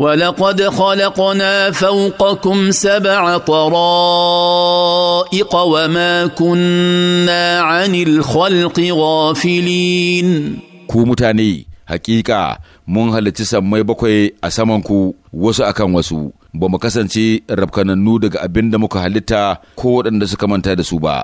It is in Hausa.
ولقد خلقنا فوقكم سبع طرائق وما كنا عن الخلق غافلين ku mutane haƙiƙa mun halarci sammai bakwai a samanku wasu akan wasu ba mu kasance rafkanannu daga abin da muka halitta ko waɗanda suka manta da su ba